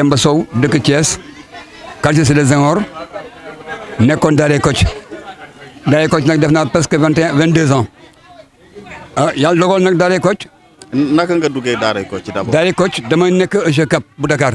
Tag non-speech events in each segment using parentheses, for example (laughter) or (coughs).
Demba Sow dëkk Thiès quartier Cité Senghor nekkoon daaree Kocc daaree Kocc nag def naa presque vingt et un vingt deux ans ah yàlla dogal nag daaree Kocc. naka nga duggee daaree Kocc d'abord. daaree Kocc dama nekk EGCAP bu Dakar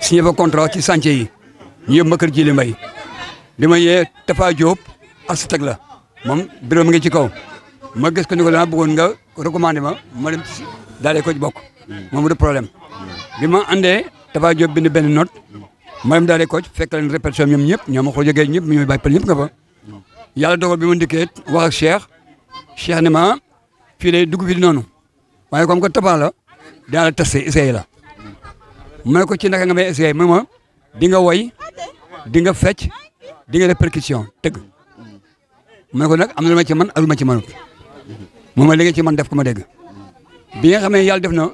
signé fa contrat ci chantier yi ñu yóbbu ma kër Jili Mbaye bi ma yee Tafa Diop architecte la moom bureau mi ngi ci kaw ma gis ko ni ko dama bëggoon nga recommandé ma ma dem daaree Kocc bokk. moom du problème bi andee. Tafa Diop bind benn note maram daal di ko fekk leen répétition ñoom ñëpp ñoom ko jógee ñëpp ñooy bàyyi pël nga fa yàlla dogal bi ma ndikkee wax ak Cheikh Cheikh ne ma fii dugg fi di noonu waaye comme que Tafa la daa la testé essayé la ma ko ci naka nga may essayé ma ma di nga woy di nga fecc di nga def percussion tëgg ma ko nag am na lu ma ci man ak lu ma ci mënut moom mooy li ci man def ko ma dégg bi nga xamee yàlla def na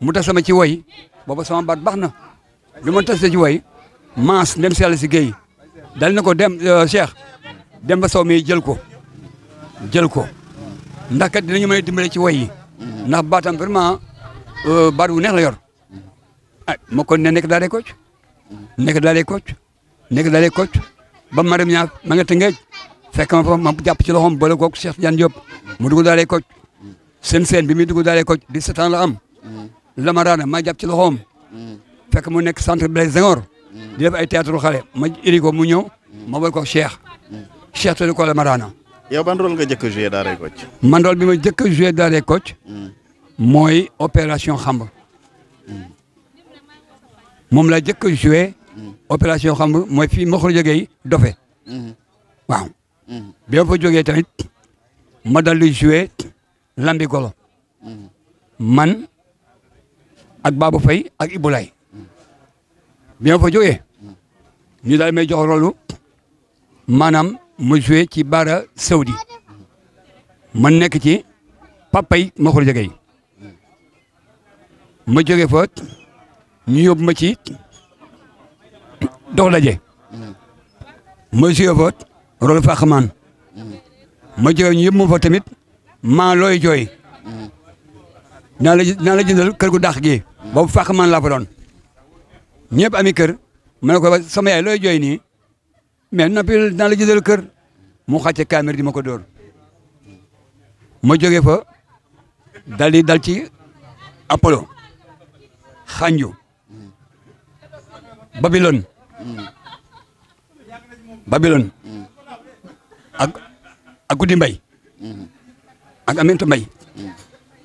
mu tax sama ci woy booba sama baat baax na lu ma tase ci way maas dem si si géey dal na ko dem euh, Cheikh dem ba sow mi jël ko jël ko ndax kat dinañu mën a ci way yi ndax baatam vraiment euh, baat wu neex la yor ah ma kon ne nekk daal di kocc nekk daal di kocc nekk daal di kocc ba ma dem ñaar ma nga tëngeej fekk ma fa ma jàpp ci loxoom boole kooku Cheikh Tidiane Diop mu dugg daal di kocc seen seen bi muy dugg daal di kocc 17 la am Lamarana ma jàpp ci loxoom. Mm. fekk mu nekk centre Blaise Senghor. Mm. di def ay théâtre xale ma iri mu ñëw. ma boy ko Cheikh. Mm. Cheikh tudd ko Lamarana. yow ban rôle nga jëkk a joué Daaray Kocc. bi ma jëkk a joué Daaray Kocc. mooy opération xamb. moom la jëkk a joué. opération xamb mooy fii ma ko jógee dofe. waaw. Mm-hmm. bi ma fa jógee tamit ma dal di joué Lambi Golo. Mm-hmm. man ak Baba Faye ak Ibulaay bi ma fa jógee ñu daal may jox rolu maanaam mu joué ci Bara Saoudi man nekk ci papay ma xor jege ma jógee fa ñu yóbbu ma ci dox je ma joué fa rolu fa xamaan ma jógee ñu yóbbu ma fa tamit maa looy jooy naa la naa la jëndal kër gu dàq gi boobu fàq man laa fa doon ñëpp ami kër ma ne ko sama yaay jooy nii mais noppi dina la jëndal kër mu xàcce kaamir di ma ko dóor joge jóge fa dal dal ci apolo xanju Babylone Babylone ak ak guddi mbay ak aminta mbay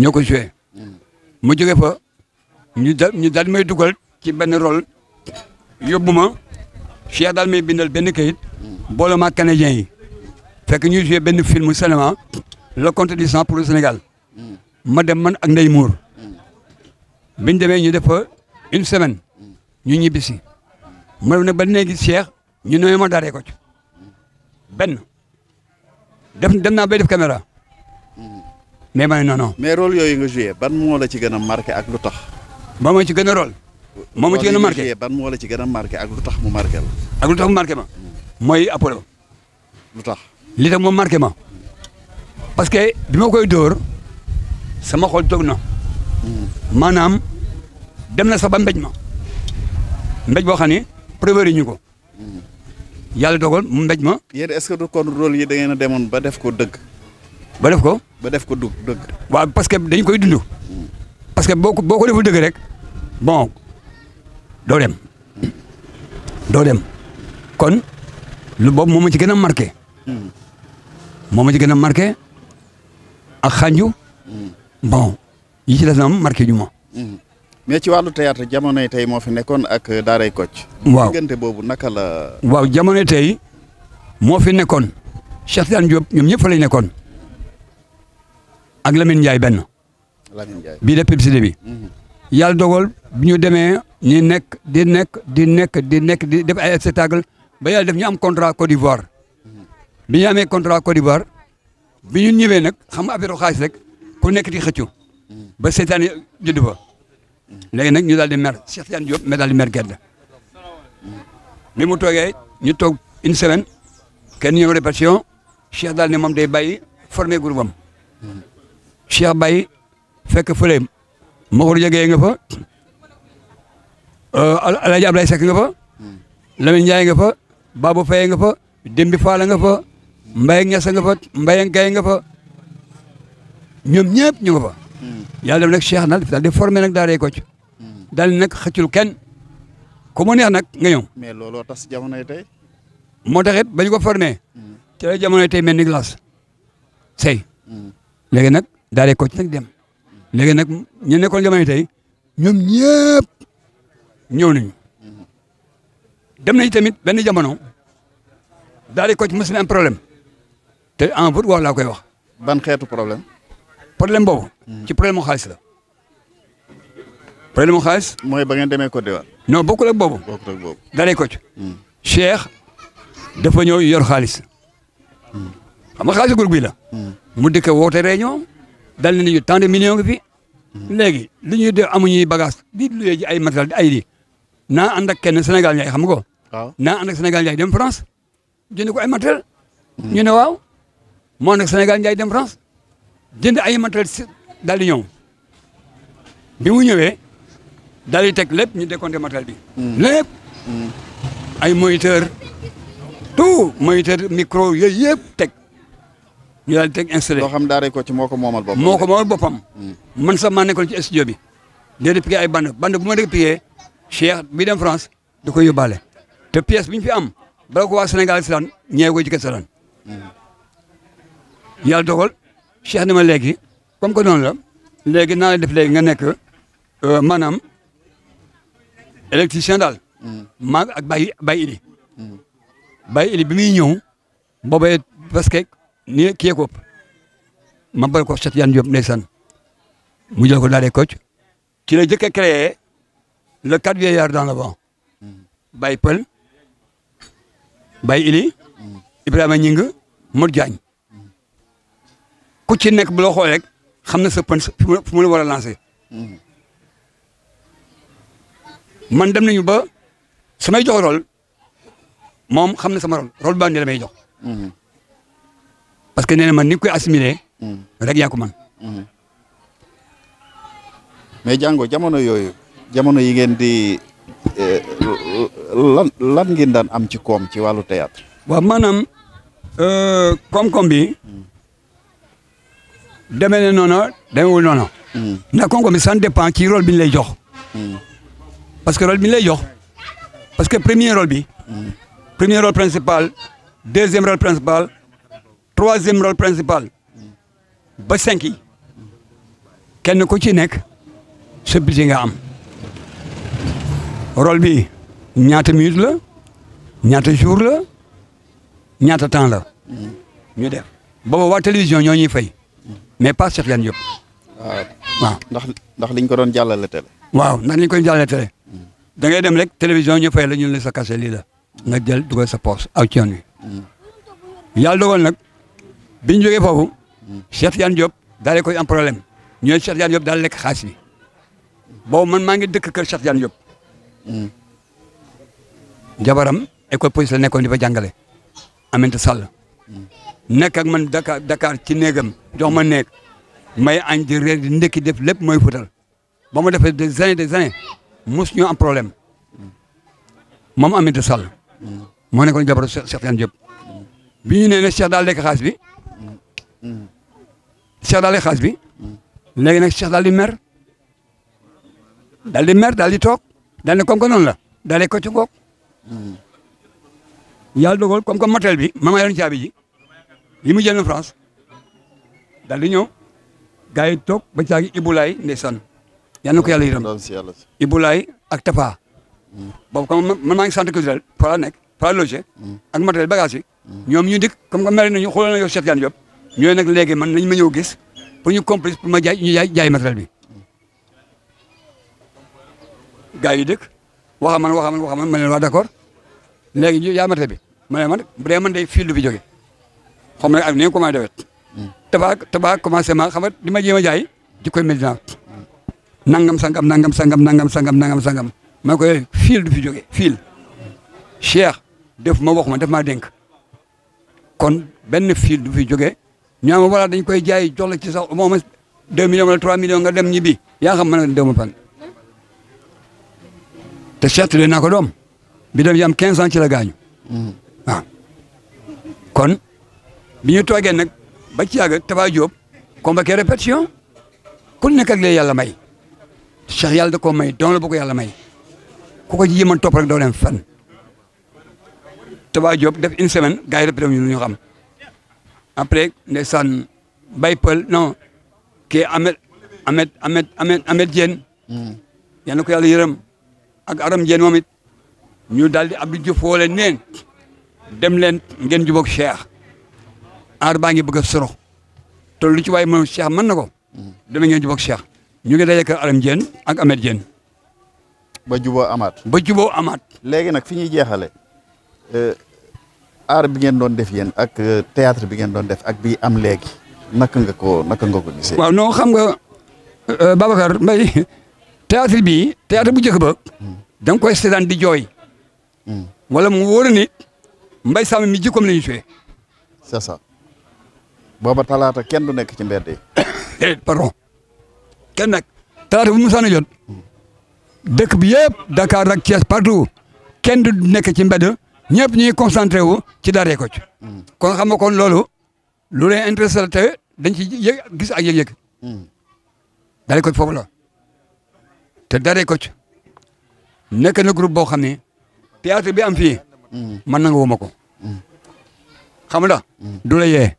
mu jóge fa ñu da ñu daal may dugal ci benn rôle yóbbu ma Cheikh daal may bindal benn kayit boole ma yi fekk ñu joué benn film seulement la compte du sang pour le Sénégal ma dem man ak Ndeye muur biñ demee ñu def fa une semaine ñu ñibbisi ma ne ba léegi Cheikh ñu ne ma daaree ko ci benn def dem naa bay def caméra mm. mais ma ne non non. mais rôle yooyu nga joué ban moo la ci gën a marqué ak lu tax. ba ma ci gën a rôle. moom ci gën a marqué ban moo la ci gën a marqué ak lu tax mu marqué la. ak lu tax mu marqué ma mooy Apollo. lu tax li tax moom marqué ma parce que bi ma koy dóor sama xol toog na. maanaam dem na sax ba mbéj ma mbéj boo xam ne prévoir ñu ko. yàlla dogal mu mbéj ma. yéen est-ce que du kon rôle yi da ngeen a demoon ba def ko dëgg. ba def ko. ba def ko dug dëgg. waaw parce que dañ koy dund. parce que boo ko boo ko deful dëgg rek bon doo dem kon lu boobu moom ma ci gën a marqué. moom ma ci gën a marqué ak xanju. bon yi ci des na am marqué ñu ma. mais ci wàllu théâtre jamonoy tey moo fi nekkoon ak daaray Kocc. waaw diggante boobu naka la. waaw jamonoy tey moo fi nekkoon Cheikh Tidiane Diop ñoom ñëpp fa lay nekkoon ak Lamine Ndiaye benn. bii la publicité bi. Mhm. yàlla dogal bi ñu demee ñi nekk di nekk di nekk di nekk di def ay spectacle ba yàlla def ñu am contrat Côte d'Ivoire. Mhm. ñu amee contrat Côte d'Ivoire bi ñu ñëwee nag xam nga affaire rek ku nekk di xëccu. Mhm. ba seetaan juddu fa. léegi nag ñu daal di mer Cheikh Tidiane Diop mais daal di mer gedd bi mu toogee ñu toog une semaine kenn ñëw répétition Cheikh daal ne moom day bàyyi former groupe am Cheikh fekk fële Maodo Jege nga fa El euh, Hadj Abdoulaye Seck nga fa hmm. Lamine Ndiaye nga fa Babou Faye nga fa Dembi Faala nga fa mbay Niass nga fa Mbaye Gaye nga fa ñoom ñëpp ñu nga fa. Hmm. yàlla dem nag Cheikh nag daal di formé nag daaree Kocc daal hmm. nag xëccul kenn ku mu neex nag nga ñëw. mais looloo tas jamonoy tey. moo bañ it ba ñu ko formé. te jamonoy tey mel ni glace. sey léegi nag daaree Kocc nag dem. léegi nag ñu nekkoon jamono tey ñoom ñëpp ñëw nañu dem nañ tamit benn jamono daal di ko ci mos na problème te en vote wax laa koy wax. ban xeetu problème. problème boobu. ci problème mu xaalis la. problème mu xaalis. mooy ba ngeen demee Côte d'Ivoire. non bokkul ak boobu. bokkul ak boobu dalee ko ci. Hmm. Cheikh dafa ñëw yor xaalis. Hmm. xam nga xaalisu groupe bi la. Hmm. mu dëkk woote ño dal na ñu tant de millions ngi fi léegi li ñuy def amuñuy bagage di luyee ji ay matériel di ay di naa ànd ak kenn Sénégal Ndiaye xam nga ko. waaw naa ànd ak Sénégal Ndiaye dem France jënd ko ay matériel ñu ne waaw moo nag Sénégal Ndiaye dem France jënd ay matériel daal di ñëw bi mu ñëwee daal di teg lépp ñu décompté matériel bi. Mm. lépp mm. ay moniteur tout moniteur micro yooyu yëpp teg. ñu daal di teg installé. loo xam daaree ko moo ko moomal boppam. moo ko moomal boppam. Hmm. man sax maa nekkoon ci studio bi. day di piqué ay bande bande bu ma dee piqué Cheikh bi dem France da koy yóbbaale. te pièce bi ñu fi am bala ko waa Sénégal si daan ko ci kër si daan. Hmm. yàlla dogal Cheikh ni ma léegi comme que noonu la léegi naa la def léegi nga nekk euh, maanaam électricien daal. Hmm. maag ak Baye Ili. Baye Ili bi muy ñëw boobee parce que. ni kiye ko mabal ko Cheikh Tidiane Diop ndeysaan mu jël ko daal coach ci la jëkk a créé le quatre vieillards dans le vent Baye Pël Baye Ili Ibrahima Ñing Modou Diagne ku ci nekk bu la xoolee xam na sa pën fu mu la war man dem nañu ba samay jox rôle moom xam na sama rôle rôle baa ne may jox parce que nee na man ni nga koy assimilé. Mm. rek yaa ko man mais jàngoo jamono yooyu jamono yi ngeen di eh, lan lan ngeen daan am ci koom ci wàllu théâtre waa maanaam euh, koom-koom bi mm. demee ne noonu demeewul noonu. Mm. ndax koom-koom bi ci rôle bi ñu lay jox. parce que rôle bi ñu lay jox parce que premier rôle bi. premier rôle principal deuxième rôle principal. troisième rôle principal ba cinq yi kenn ku ci nekk sa budget nga am rôle bi ñaata minute la ñaata jour la ñaata temps la ñu def booba waa télévision ñoo ñuy fay mais pas Cheikh Yane Diop ah. waaw ndax ndax liñ ko doon jàllale télé waaw ndax liñ ko doon jàllale télé da ngay dem rek télévision ñu fay la ñu ne sa kase lii la nga jël dugal sa poche aw ci yoon wi mm. bi ñu foofu Cheikh Tidiane Diop daal di koy am problème ñooy Cheikh Tidiane daal lekk xaalis bi boobu man maa ngi dëkk kër Cheikh Tidiane Diop. jabaram école police la nekkoon di fa jàngale. Aminata Sall. nekk ak man Dakar Dakar ci néegam jox ma néeg may añ di reer di ndekki def lépp mooy futal ba mu defee des années des années mos ñoo am problème moom Aminata Sall. moo nekkoon jabaru Cheikh Tidiane Diop. bi ñu ne Cheikh daal lekk xaalis bi. Cheikh daal di bi léegi nag Cheikh daal di mer daal di mer daal di toog daal comme que la daal di ko ci ngoog yàlla dogal que motel bi mama yoroon caabi ji li mu jënd France daal di ñëw gars yi toog ba caagi Ibulaay ndeysaan yal na ko yàlla yërëm Ibulaay ak Tafa boobu comme man maa ngi centre culturel fa la nekk fa la logé mm. ak motel bagage mm. ñoom ñu dikk comme mer nañu na yow Cheikh Diagne Diop ñooy nag léegi man nañ ma ñëw gis pour ñu complice pour ma jaay ñu jaay jaay matériel bi gars yi dëkk waxa man waxa man waxa man ma leen waa d'accord léegi ñu jaay matériel bi ma ne man bu dee man day fil du fi jóge xam nga ak ni nga commencé dawet tabac tabac commencé ma xam nga di ma jéem a jaay di koy Medina nangam sangam nangam sangam nangam sangam nangam sangam ma koy eh, fil du fi jóge fil Cheikh def ma wax ma dénk kon benn fil du fi jóge ñu am voilà dañ koy jaay jox la ci sax moom deux millions wala trois millions nga dem ñibbi yaa xam man demu fan te certes de naa ko doom bi dem yam quinze cent ci la gaañu mm-hmm. kon bi ñu toogee nag ba ci yàgg Taba Diop convoqué répétition ku nekk ak lee yàlla may Cheikh yàlla da koo may doon la bu ko yàlla may ku ko ji man topp rek doo dem fan Taba Diop def une semaine gars yi répété ñu ñu xam après ndeysaan Baye bay non kii Ahmed Ahmed Ahmed Ahmed Ahmed Dieng. Hmm. yal na ko yàlla yërëm ak Aram Dieng moom ñu daal di Abdou Diouf woo neen dem leen ngeen jubóog Cheikh aar baa ngi bëgg a soro te lu ci waay moom Cheikh mën na ko. Hmm. dama ngeen jubóog Cheikh. ñu ngi daje ak Aram Dieng ak Ahmed Dieng. ba juboo amaat. ba juboo amaat. léegi nag fi ñuy jeexale euh, aar bi ngeen doon def yéen ak euh, théâtre bi ngeen doon def ak bi am léegi naka nga ko naka nga ko gisee. waaw non xam nga euh, Babacar Mbaye théâtre bii théâtre bu njëkk ba. Hmm. da koy sedan di jooy. Hmm. wala mu wóor ni Mbaye mi jikkoom la ñu fee. booba talaata kenn du nekk ci mbedd (coughs) eh, pardon kenn talaata bu mu saan a jot hmm. dëkk bi yëpp Dakar ak Thiès partout kenn du nekk ci mbedd. ñëpp ñuy concentré wu ci daaree ko ci. kon xam nga kon loolu lu leen intéressé te dañ ci yëg gis ak yëg-yëg. daaree ko ci foofu la te daaree ko ci nekk na groupe boo xam ne théâtre bi am fii. man nangu wuma ko. xam nga du la yee.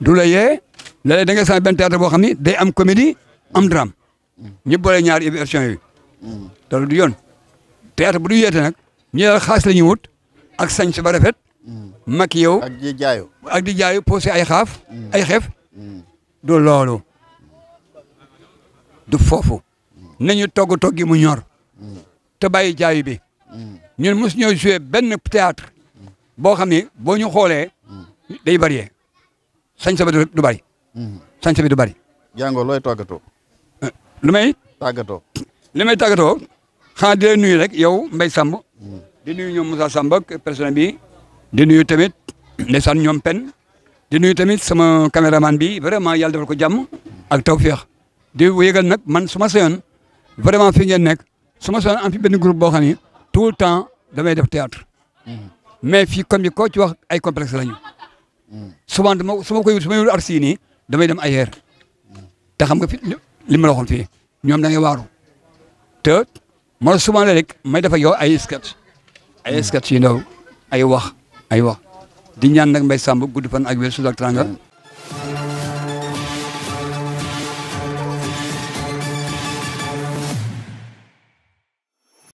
du la yee léeg-léeg da ngay sànni boo xam ne day am comédie am drame ñu boole ñaari version yi. loolu du yoon théâtre bu du yeete nag. ñu ne xaas la wut ak sañ ba rafet. Mm. mak yow ak di jaayu ak di jaayu posé ay xaaf. Mm. ay xeef mm. du loolu du foofu nañu togg toggi mu ñor te bàyyi jaayu bi ñun mos ñoo joué benn théâtre boo xam ne boo ñu xoolee day bari sañ sa bi du bari sañ sa bi du bari. jàngoo looy eh, lu may. tàggatoo li may tàggatoo xanaa di leen nuyu rek yow Mbaye Samb. di nuyu ñoom Moussa Samba ak personnel bi di nuyu tamit (clears throat) ndeysaan ñoom pen di nuyu tamit sama caméraman bi vraiment yàlla defal ko jàmm ak tawféex di yëgal nag man su ma vraiment fi ngeen nekk su ma seyoon am benn groupe boo xam ne tout le temps damay def théâtre mm-hmm. mais fii comme ko ci wax ay complexe lañu mm-hmm. souvent dama su ma koy su ma yóbbu arsi nii damay dem ailleurs mm-hmm. te xam nga fi li fii ñoom da ngay ma suba rek may def ak yow ay sketch ay sketch yu ndaw ay wax ay wax di ñaan nag Mbaye Samb gudd fan ak wér suuf ak tànga